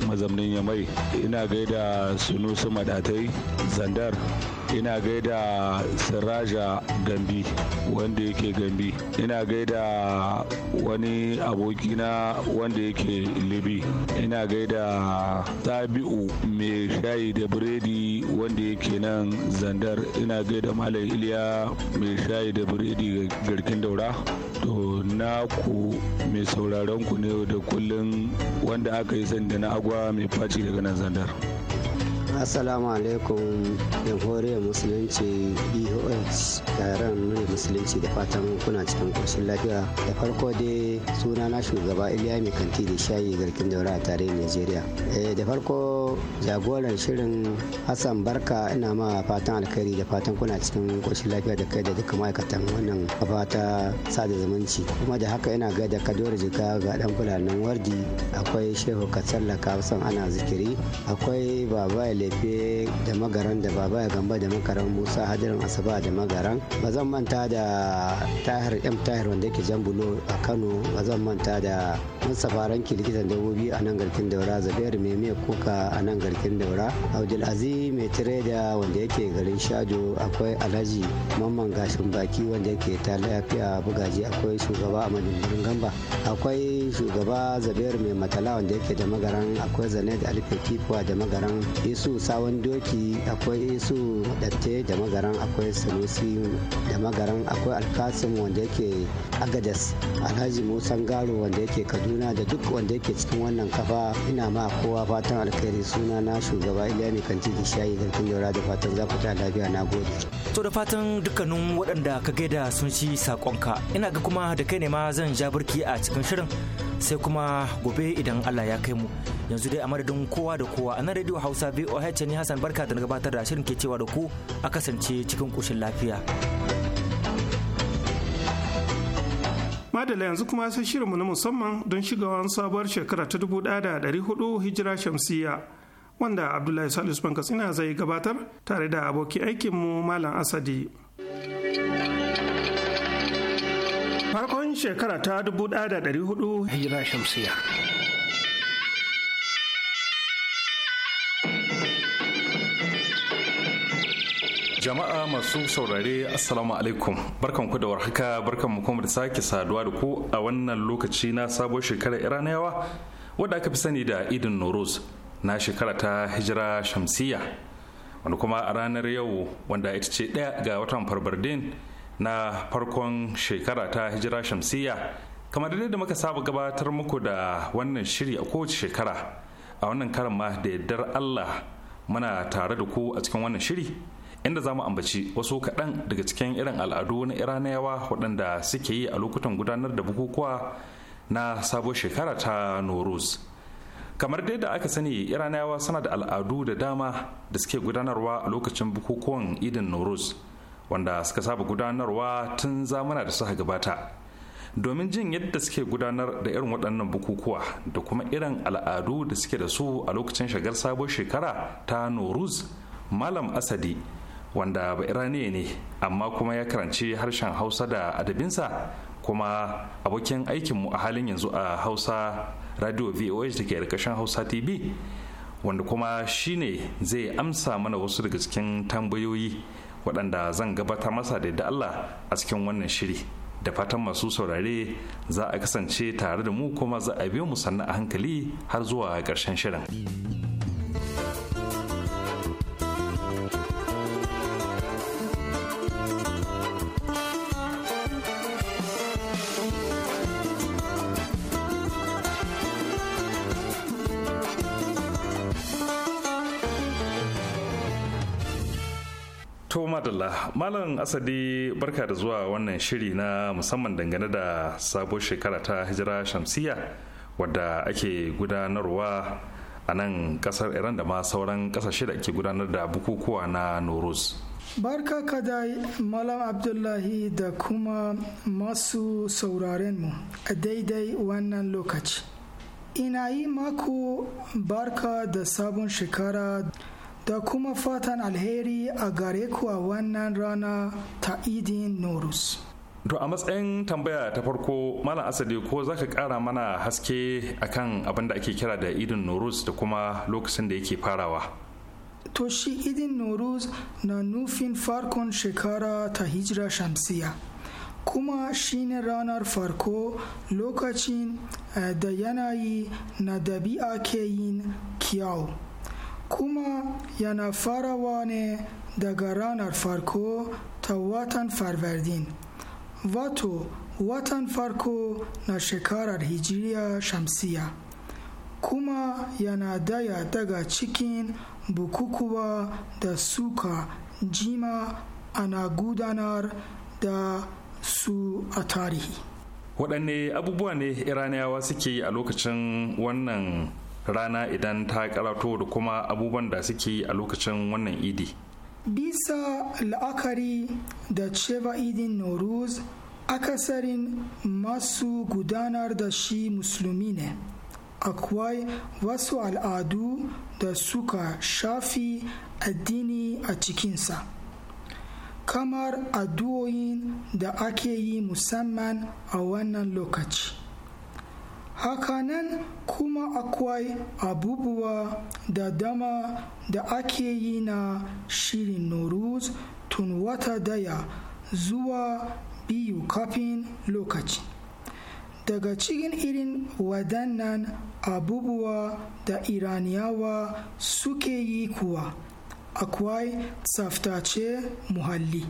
mazamnin yamai ina gaida sunusu madatai zandar ina gaida siraja gambi wanda yake gambi ina gaida wani abokina wanda yake libi ina gaida tabi'u mai shayi da biredi wanda yake nan zandar ina gaida malam iliya mai shayi da biredi garkin daura to na ku mai sauraron ku ne da kullum wanda aka yi sanda na agwa mai faci daga nan zandar assalamu alaikum jamhuriyar musulunci bos taron murya musulunci da fatan kuna cikin ƙoshin lafiya da farko dai suna na shugaba iliya kanti da shayi garkin daura a tare najeriya eh, da farko jagoran shirin Hassan Barka ina ma fatan alkhairi da fatan kuna cikin ƙoshin lafiya da kai da duka ma'aikatan wannan fata ta sada zumunci kuma da haka ina gaida Kadori Jika ga dan fulanin Wardi akwai Shehu Katsalla Kafsan ana zikiri akwai Baba Lefe da magaran da Baba Gamba da makaran Musa Hadirin Asaba da magaran ba zan manta da Tahir M Tahir wanda ke jan bulo a Kano ba zan manta da Mustapha Ranki likitan dabbobi a nan garkin Daura Zabairu Meme Kuka a nan garkin daura abdulaziz mai tireda wanda yake garin shajo akwai alhaji mamman gashin baki wanda yake ta lafiya bugaji akwai shugaba a madimbirin gamba akwai shugaba zabiyar mai matala wanda yake da magaran akwai zanet alfetifuwa da magaran isu sawan doki akwai isu datte da magaran akwai sanusi da magaran akwai alkasim wanda yake agadas alhaji musan garo wanda yake kaduna da duk wanda yake cikin wannan kafa ina ma kowa fatan alkhairi suna na shugaba iliya mai kan ciki shayi garkin daura da fatan za ku ta lafiya na gode. to da fatan dukkanin waɗanda ka gaida sun ci saƙonka ina ga kuma da kai ne ma zan ja birki a cikin shirin sai kuma gobe idan allah ya kai mu yanzu dai a madadin kowa da kowa a nan radio hausa voh ne hassan barka da gabatar da shirin ke cewa da ku a kasance cikin ƙoshin lafiya. madala yanzu kuma sai shirinmu na musamman don shigawan sabuwar shekara ta 1400 hijira shamsiyya wanda abdullahi salisu Bankas ina zai gabatar tare da aboki aikinmu malam asadi farkon shekara ta 1400 hijira shamsiya Jama'a masu saurare Assalamu alaikum barkanku da warhaka mu kuma da sake saduwa da ku a wannan lokaci na sabon shekarar Iraniyawa wadda aka fi sani da Idin n'oros? na shekara ta hijira shamsiya wanda kuma a ranar yau wanda ita ce ɗaya ga watan farbardin na farkon shekara ta hijira shamsiya kamar da muka saba gabatar muku da wannan shiri a kowace shekara a wannan karan ma da yardar allah muna tare da ku a cikin wannan shiri inda za mu ambaci wasu kaɗan daga cikin irin al'adu na iranayawa waɗanda suke yi a lokutan gudanar da bukukuwa na sabuwar shekara ta noruz kamar dai da aka sani iranayawa suna da al'adu da dama da suke gudanarwa a lokacin bukukuwan idin nauruz wanda suka saba gudanarwa tun zamana da suka gabata domin jin yadda suke gudanar da irin waɗannan bukukuwa da kuma irin al'adu da suke da su a lokacin shagar sabon shekara ta nauruz malam asadi wanda ba iraniya ne amma kuma ya karanci harshen hausa da adabinsa kuma abokin aikinmu a halin yanzu a hausa radio voa da ke ƙarƙashin hausa tv wanda kuma shi ne zai amsa mana wasu daga cikin tambayoyi waɗanda zan gabata masa da da allah a cikin wannan shiri da fatan masu saurare za a kasance tare da mu kuma za a biyo mu sannan a hankali har zuwa ƙarshen shirin. madalla malam asadi barka da zuwa wannan shiri na musamman dangane da sabuwar shekara ta hijira shamsiya wadda ake gudanarwa a nan kasar iran da ma sauran kasashe da ake gudanar da bukukuwa na noruz barka ka da malam abdullahi da kuma masu sauraren mu a daidai wannan lokaci ina yi mako barka da sabon shekara da kuma fatan alheri a gare ku a wannan rana ta idin norus to a matsayin tambaya ta farko malam asali ko za ka kara mana haske akan abin da ake kira da idin norus da kuma lokacin da yake farawa to shi idin norus na nufin farkon shekara ta hijira shamsiya kuma shine ranar farko lokacin eh, da yanayi na dabi'a ke yin kyau kuma yana farawa ne daga ranar farko ta watan farverdin wato watan farko na shekarar hijiriya shamsiya kuma yana daya daga cikin bukukuwa da suka jima ana gudanar da su a tarihi waɗanne abubuwa ne iraniyawa suke yi a lokacin wannan rana idan ta karato da kuma abubuwan da suke a lokacin wannan idi bisa la'akari da cewa idin noruz akasarin masu gudanar da shi musulmi ne akwai wasu al'adu da suka shafi addini a cikinsa kamar addu'o'in da ake yi musamman a wannan lokaci hakanan kuma akwai abubuwa da dama da ake yi na shirin noruz tun wata daya zuwa biyu kafin lokaci daga cikin irin wadannan abubuwa da iraniyawa suke yi kuwa akwai tsaftace muhalli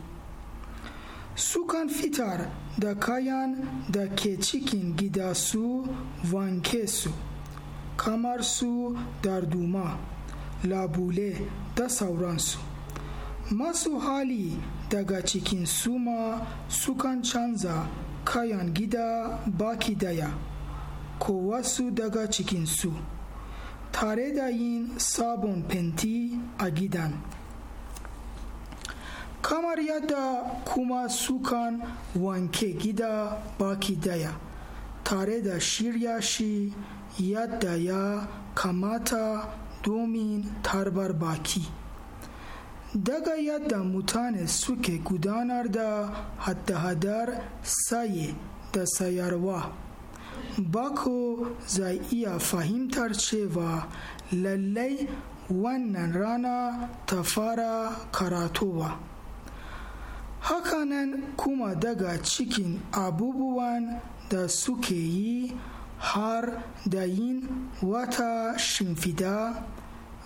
sukan fitar da kayan da ke cikin gida su wanke su kamar su darduma labule da sauransu masu hali daga cikin suma sukan canza kayan gida baki daya ko wasu daga su, tare da yin sabon fenti a gidan kamar yadda kuma sukan wanke gida baki daya tare da shirya shi yadda ya kamata domin tarbar baki daga yadda mutane suke gudanar da hada-hadar saye da sayarwa bako zai iya fahimtar cewa lallai wannan rana ta fara karatowa hakanan kuma daga cikin abubuwan da suke yi har da yin wata shimfida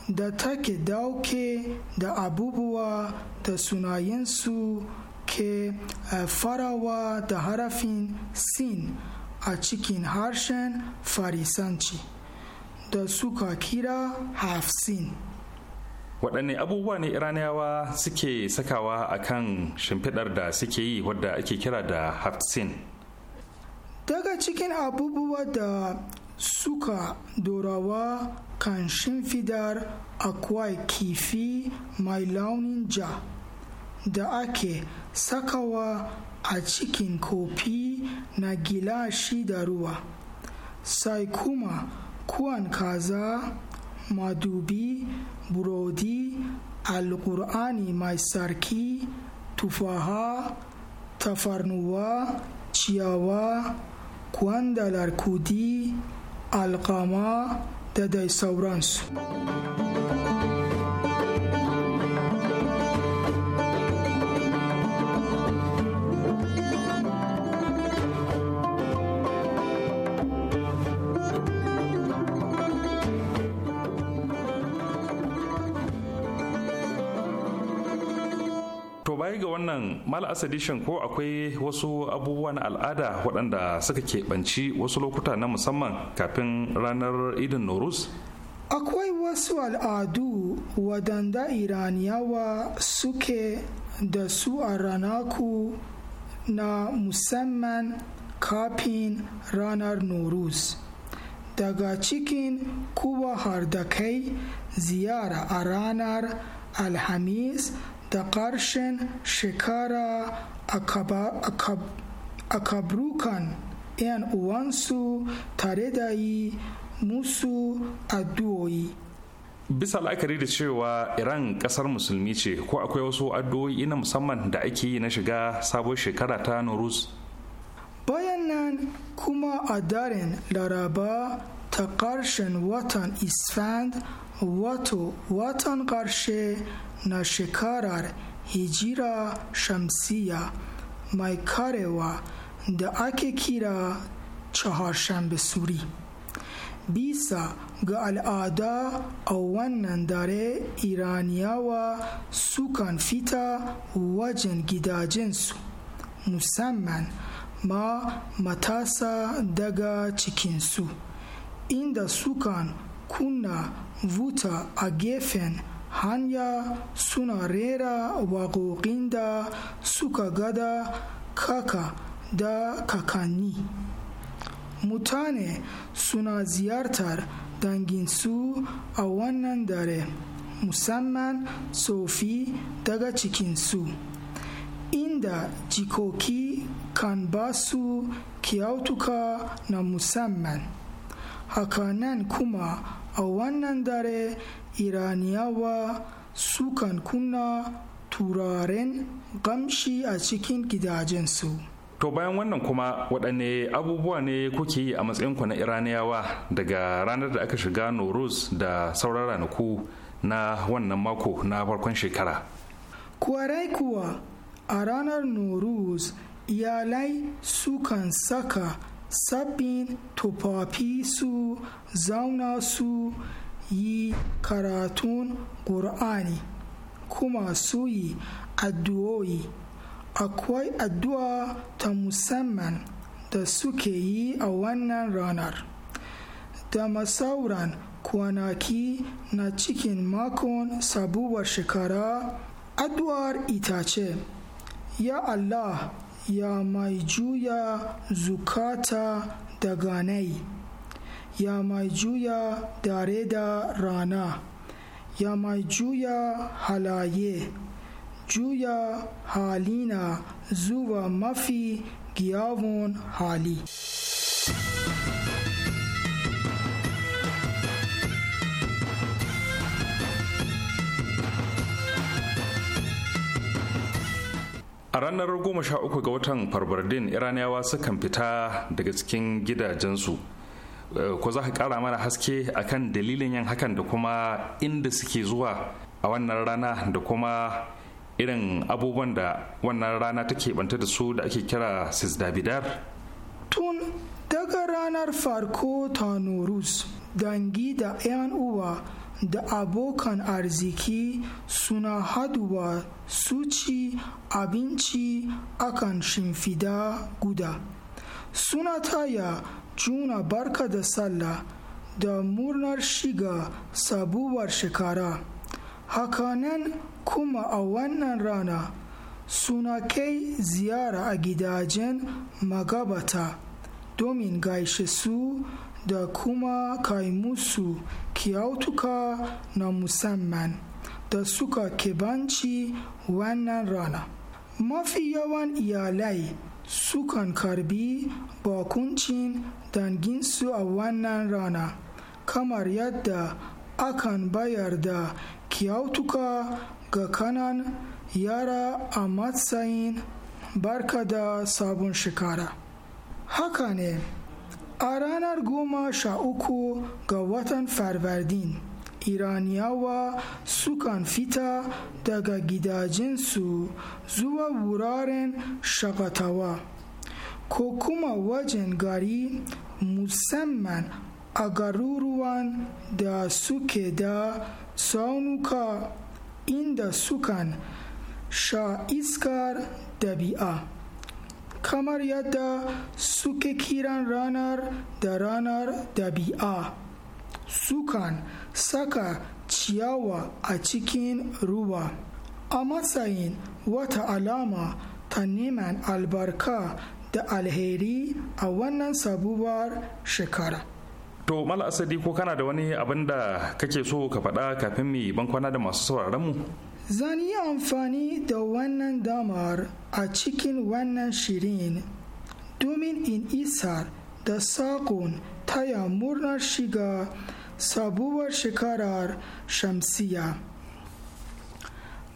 da take dauke da abubuwa da sunayensu ke eh, farawa da harafin sin a cikin harshen farisanci da suka kira hafsin waɗanne abubuwa ne iraniyawa suke sakawa a kan shimfiɗar da suke yi wadda ake kira da hafsin daga cikin abubuwa da suka dorawa kan shimfidar akwai kifi mai launin ja da ake sakawa a cikin kofi na gilashi da ruwa sai kuma kuwan kaza madubi burodi alƙur'ani mai sarki tufaha tafarnuwa ciyawa kwandalar kudi alkama da dai sauransu baya ga wannan mal asadishin ko akwai wasu abubuwan al'ada waɗanda suka keɓanci wasu lokuta na musamman kafin ranar idin norus akwai wasu al'adu waɗanda iraniyawa suke da su a ranaku na musamman kafin ranar norus daga cikin kuwa har da kai ziyara a ranar alhamis da ƙarshen shekara a kabrukan yan uwansu tare da yi musu addu'o'i bisa la'akari da cewa iran kasar musulmi ce ko akwai wasu addu'o'i na musamman da ake yi na shiga sabon shekara ta noruz bayan nan kuma a daren laraba ta ƙarshen watan isfand wato watan ƙarshe na shekarar hijira shamsiya mai karewa da ake kira shahararren suri bisa ga al'ada a wannan dare iraniyawa sukan fita wajen gidajensu musamman ma matasa daga cikinsu inda sukan kunna vuta a gefen hanya suna rera waƙoƙin da suka gada kaka da kakanni mutane suna ziyartar danginsu a wannan dare musamman sofi daga cikinsu inda jikoki kan ba su kyautuka na musamman hakanan kuma a wannan dare iraniyawa sukan kunna turaren gamshi a cikin gidajensu to bayan wannan kuma waɗanne abubuwa ne kuke yi a matsayinku na iraniyawa daga ranar da aka shiga noruz da sauran ranaku na wannan mako na farkon shekara kwarai kuwa a ranar noruz iyalai sukan saka sabbin tufafi su zauna su yi karatun ƙur'ani kuma su yi addu'o'i akwai addu'a ta musamman da suke yi a wannan ranar da masauran kwanaki na cikin makon sabuwar shekara addu'ar ita ce ya allah ya mai juya zukata daga nai ya mai juya dare da rana ya mai juya halaye juya halina zuba mafi giyawon hali a ranar 13 ga watan farbardin iraniyawa sukan fita daga cikin gidajensu Eh, ko za ka kara mana haske akan dalilin yin hakan da kuma inda suke zuwa a wannan rana da kuma irin abubuwan da wannan rana take banta da su da ake kira sisdabidar tun daga ranar farko ta norus dangi da 'yan uwa da abokan arziki suna haduwa suci abinci akan shimfida guda suna taya juna barka da sallah da murnar shiga sabuwar shekara hakanan kuma a wannan rana suna kai ziyara a gidajen magabata domin gaishe su da kuma kai musu kyautuka na musamman da suka kebanci wannan rana mafi yawan iyalai sukan karbi bakuncin danginsu a wannan rana kamar yadda akan bayar da kyautuka ga kanan yara a matsayin barka da sabon shekara haka ne a ranar goma sha uku ga watan farvardin iraniyawa sukan fita daga gidajensu zuwa wuraren shakatawa ko kuma wajen gari musamman a garuruwan da suke da saunuka inda sukan sha iskar dabi'a kamar yadda suke kiran ranar da ranar dabi'a sukan saka ciyawa a cikin ruwa a matsayin wata alama ta neman albarka da alheri a wannan sabuwar shekara to mala asadi ko kana da wani abin da kake so ka faɗa kafin mai bankwana da masu sauraron zan yi amfani da wannan damar a cikin wannan shirin domin in isar da saƙon taya murnar shiga sabuwar shekarar shamsiya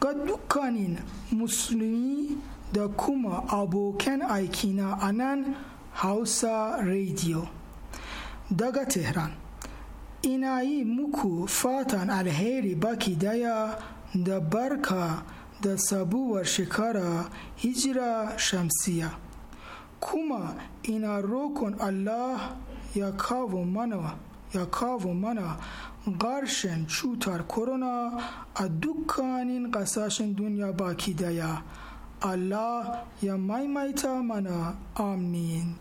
ga dukkanin musulmi da kuma abokan aikina a nan hausa radio daga tehran ina yi muku fatan alheri baki daya da barka da sabuwar shekara hijira shamsiya kuma ina rokon allah ya kawo mana ya kawo mana garshen cutar corona a dukkanin ƙasashen duniya baki daya allah ya maimaita mana amin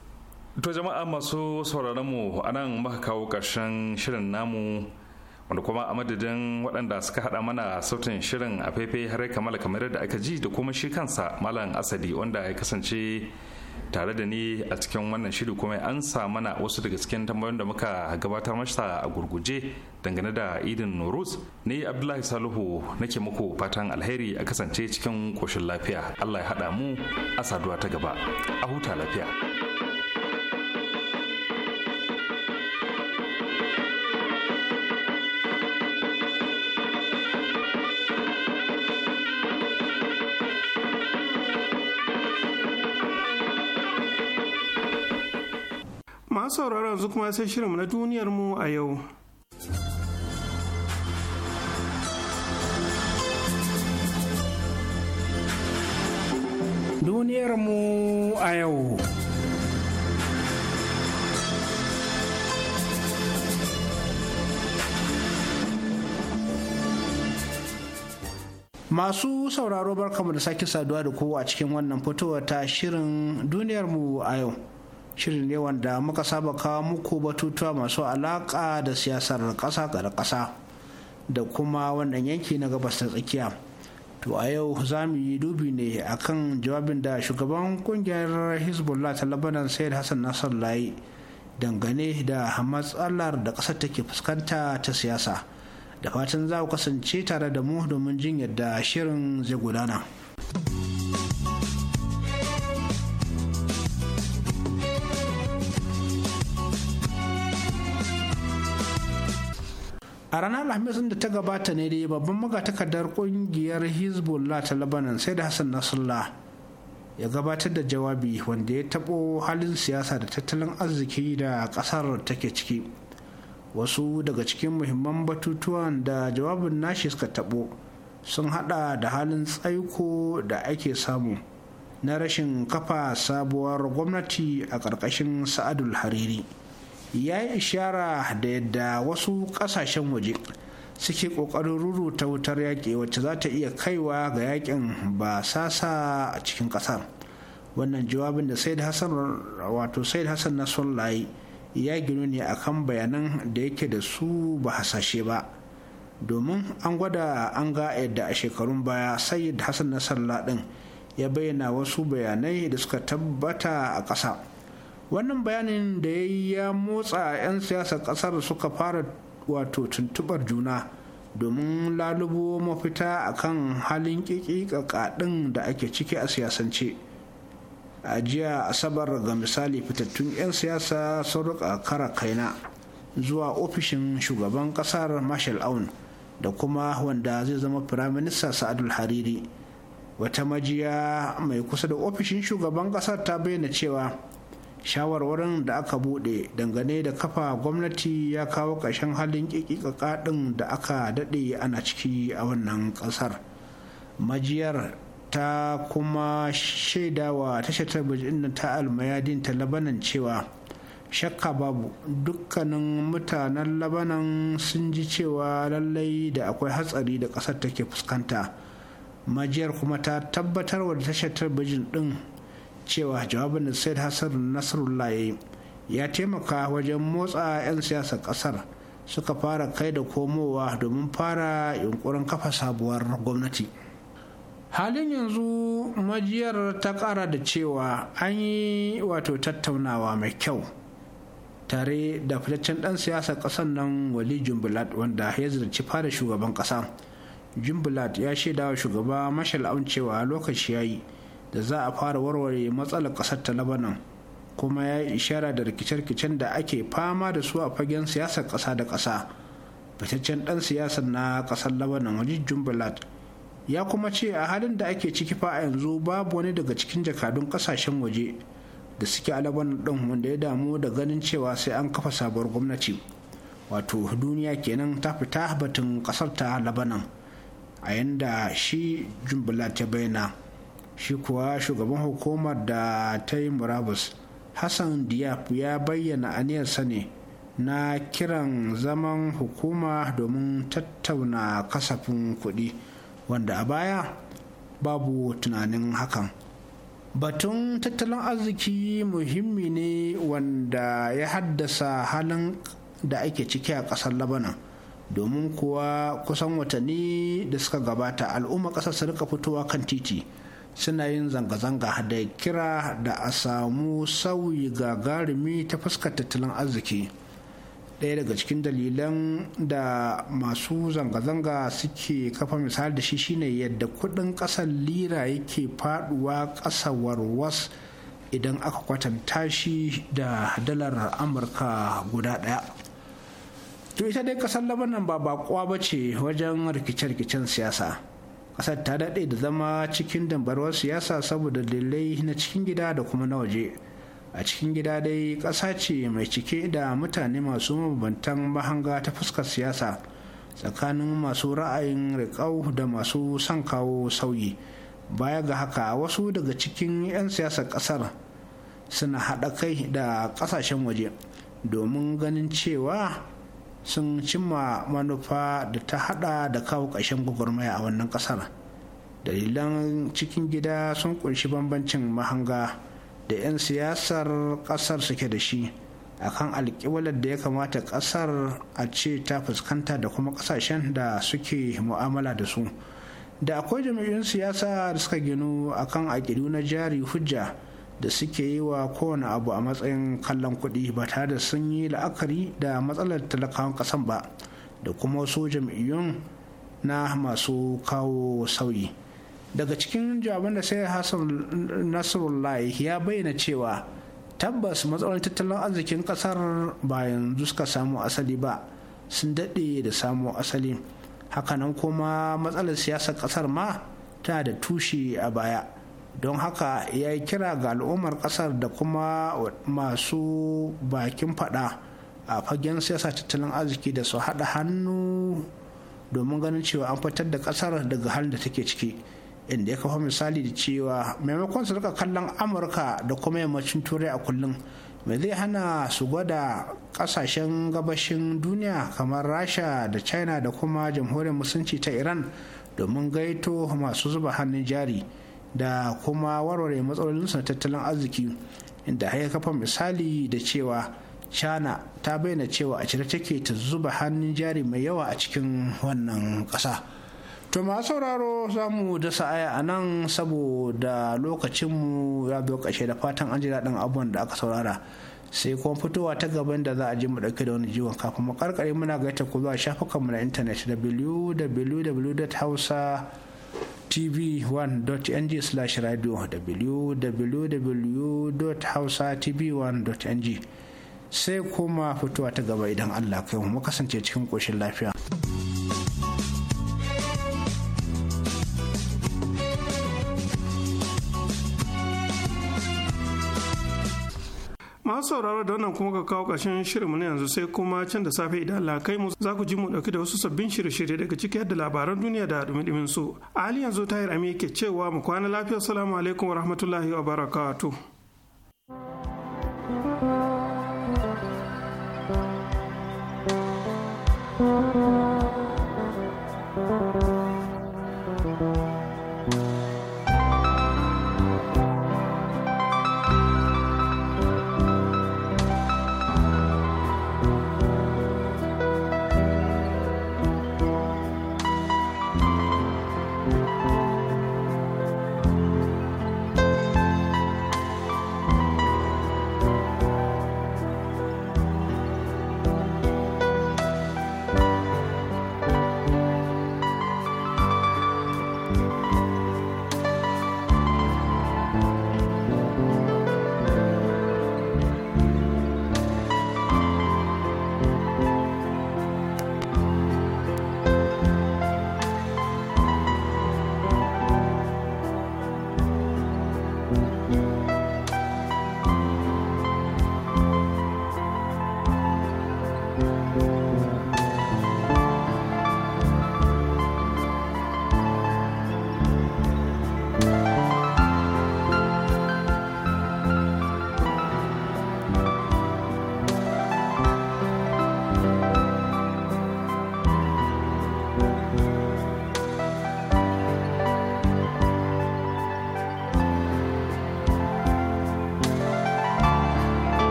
to jama'a masu sauraron mu anan muka kawo ƙarshen shirin namu wanda kuma a madadin waɗanda suka haɗa mana sautin shirin a faifai har kamar kamar da aka ji da kuma shi kansa malam asadi wanda ya kasance tare da ni a cikin wannan shiri kuma an sa mana wasu daga cikin tambayoyin da muka gabatar masa a gurguje dangane da idin Nuruz ni abdullahi salihu nake muku fatan alheri a kasance cikin koshin lafiya allah ya haɗa mu a saduwa ta gaba a huta lafiya masu sauraro yanzu kuma sai shirinmu na duniyar mu a yau duniyar mu a yau Masu sauraro barkamu da sake saduwa da kowa a cikin wannan fitowa ta shirin duniyarmu a yau. shirin ne wanda muka saba kawo muku batutuwa masu alaƙa da siyasar ƙasa da ƙasa da kuma wannan yanki na gabas ta tsakiya to a yau za mu yi dubi ne akan jawabin da shugaban kungiyar hezbollah ta labanan sayar hassan nasar layi dangane da matsalar da ƙasar take fuskanta ta siyasa da fatan za ku kasance tare da mu domin jin yadda shirin zai gudana. a ranar alhamis da ta gabata ne dai babban magatakardar kungiyar hezbollah ta lebanon sai da hassan nasrallah ya gabatar da jawabi wanda ya taɓo halin siyasa da tattalin arziki da ƙasar take ciki wasu daga cikin muhimman batutuwan da jawabin nashi suka taɓo sun hada da halin tsaiko da ake samu na rashin kafa sabuwar gwamnati a ƙarƙashin sa'adul hariri ya yi ishara da yadda wasu kasashen waje suke ƙoƙarin ruruta wutar yaƙi wacce za ta iya kaiwa ga yaƙin ba sasa a cikin ƙasar wannan jawabin da said hassan wato said hassan layi ya ginu ne akan bayanan da yake da su ba hasashe ba domin an gwada an ga yadda a shekarun baya sayyid hassan nasrallah laɗin ya bayyana wasu bayanai da suka tabbata a ƙasa wannan bayanin da ya yi ya motsa 'yan siyasar kasar suka fara wato tuntubar juna domin lalubo mafita a kan halin kikikakaɗin da ake ciki a siyasance a jiya asabar ga misali fitattun 'yan siyasa sun rika kara kaina zuwa ofishin shugaban kasar marshal aun da kuma wanda zai zama firaminista sa'adul hariri wata majiya mai kusa da ofishin shugaban kasar ta bayyana cewa shawarwarin da aka bude dangane da kafa gwamnati ya kawo ƙarshen halin ƙiƙiƙa ɗin da aka daɗe ana ciki a wannan ƙasar majiyar ta kuma shaidawa tashar talabijin ta almayadin ta labanan cewa shakka babu dukkanin mutanen labanan sun ji cewa lallai da akwai hatsari da ƙasar take fuskanta majiyar kuma ta tabbatar wa tashar talabijin ɗin cewa jawabin da said hassan nasarullah ya yi ya taimaka wajen motsa 'yan siyasar kasar suka fara kai da komowa domin fara yunkurin kafa sabuwar gwamnati halin yanzu majiyar ta kara da cewa an yi wato tattaunawa mai kyau tare da fitaccen dan siyasar kasar nan wali jumbulat wanda ya zirci fara shugaban kasa jumbulat ya shaidawa wa shugaba mashal cewa lokaci ya yi da za a fara warware matsalar ƙasar ta labanan kuma ya yi ishara da rikice-rikicen da ake fama da su a fagen siyasar ƙasa da ƙasa fitaccen ɗan siyasar na ƙasar labanan waje. jumbalat ya kuma ce a halin da ake ciki fa a yanzu babu wani daga cikin jakadun ƙasashen waje da suke a labanan ɗin wanda ya damu da ganin cewa sai an kafa sabuwar gwamnati wato duniya kenan ta fita batun ƙasar ta labanan a yanda shi jumbalat ya bayyana shi kuwa shugaban hukumar da ta yi murabus hassan diab ya bayyana aniyarsa ne na kiran zaman hukuma domin tattauna kasafin kuɗi wanda a baya babu tunanin hakan batun tattalin arziki muhimmi ne wanda ya haddasa halin da ake ciki a ƙasar labanan domin kuwa kusan watanni da suka gabata al'umma ƙasar su rika fitowa kan titi suna yin zanga-zanga da kira da a samu sauyi gagarumi ta fuskar tattalin arziki ɗaya daga cikin dalilan da masu zanga-zanga suke kafa misali da shi shine yadda kuɗin ƙasar lira yake faɗuwa ƙasa warwas idan aka kwatanta shi da dalar amurka guda ɗaya to ita dai ƙasar labanan ba bakuwa ba ce wajen rikice-rikicen siyasa ƙasar ta daɗe da zama cikin dambarwar siyasa saboda dalilai na cikin gida da kuma na waje a cikin gida dai ƙasa ce mai cike da mutane masu mabambantan mahanga ta fuskar siyasa tsakanin masu ra'ayin riƙau da masu son kawo sauyi baya ga haka wasu daga cikin 'yan siyasar ƙasar suna haɗa kai da ƙasashen waje domin ganin cewa sun cimma manufa da ta hada da kawo ƙarshen gwagwarmaya a wannan ƙasar dalilan cikin gida sun kunshi bambancin mahanga da 'yan siyasar ƙasar suke da shi akan alƙiwalar da ya kamata ƙasar a ce ta fuskanta da kuma ƙasashen da suke mu'amala da su da akwai jami'in siyasa da suka ginu akan aƙidu na jari hujja da suke yi wa kowane abu a matsayin kallon kuɗi ba tare da sun yi la'akari da matsalar talakawan ƙasan ba da kuma wasu jam'iyyun na masu kawo sauyi daga cikin jawaban da sai hassan nasrullahi ya bayyana cewa tabbas matsalar tattalin arzikin ƙasar ba yanzu suka samu asali ba sun daɗe da samu asali hakanan kuma matsalar siyasar ƙasar ma ta da tushe a baya don haka ya yi kira ga al'ummar kasar da kuma masu bakin fada a fagen siyasa tattalin arziki da su haɗa hannu domin ganin cewa an fitar da kasar daga halin da take ciki inda ya kafa misali da cewa maimakon su rika kallon amurka da kuma yammacin turai a kullum mai zai hana su gwada kasashen gabashin duniya kamar rasha da china da kuma jamhuriyar musulunci ta iran domin gaito masu zuba hannun jari da kuma warware matsalolinsu na tattalin arziki inda har ya kafa misali da cewa china ta bayyana cewa a cire take ta zuba hannun jari mai yawa a cikin wannan ƙasa to masu sauraro za mu dasa aya a nan saboda lokacinmu ya zo ƙashe da fatan an ji daɗin abubuwan da aka saurara sai kuma fitowa ta gaban da za a ji mu ɗauke da wani jiwon kafin mu karkare muna gaita ku zuwa shafukanmu na intanet Hausa. tv1.ng/radio www.hausatv1.ng sai kuma fitowa ta gaba idan allah kai mu kasance cikin ƙoshin lafiya. masu sauraro da wannan kuma ka kawo ƙarshen shirinmu na yanzu sai kuma can da safe idan Allah kai mu za ku ji mu ɗauki da wasu sabbin shirye-shirye daga ciki da labaran duniya da dumi su. A hali yanzu tayar Ami ke cewa mu kwana lafiya salamu alaikum wa rahmatullahi wa barakatuh.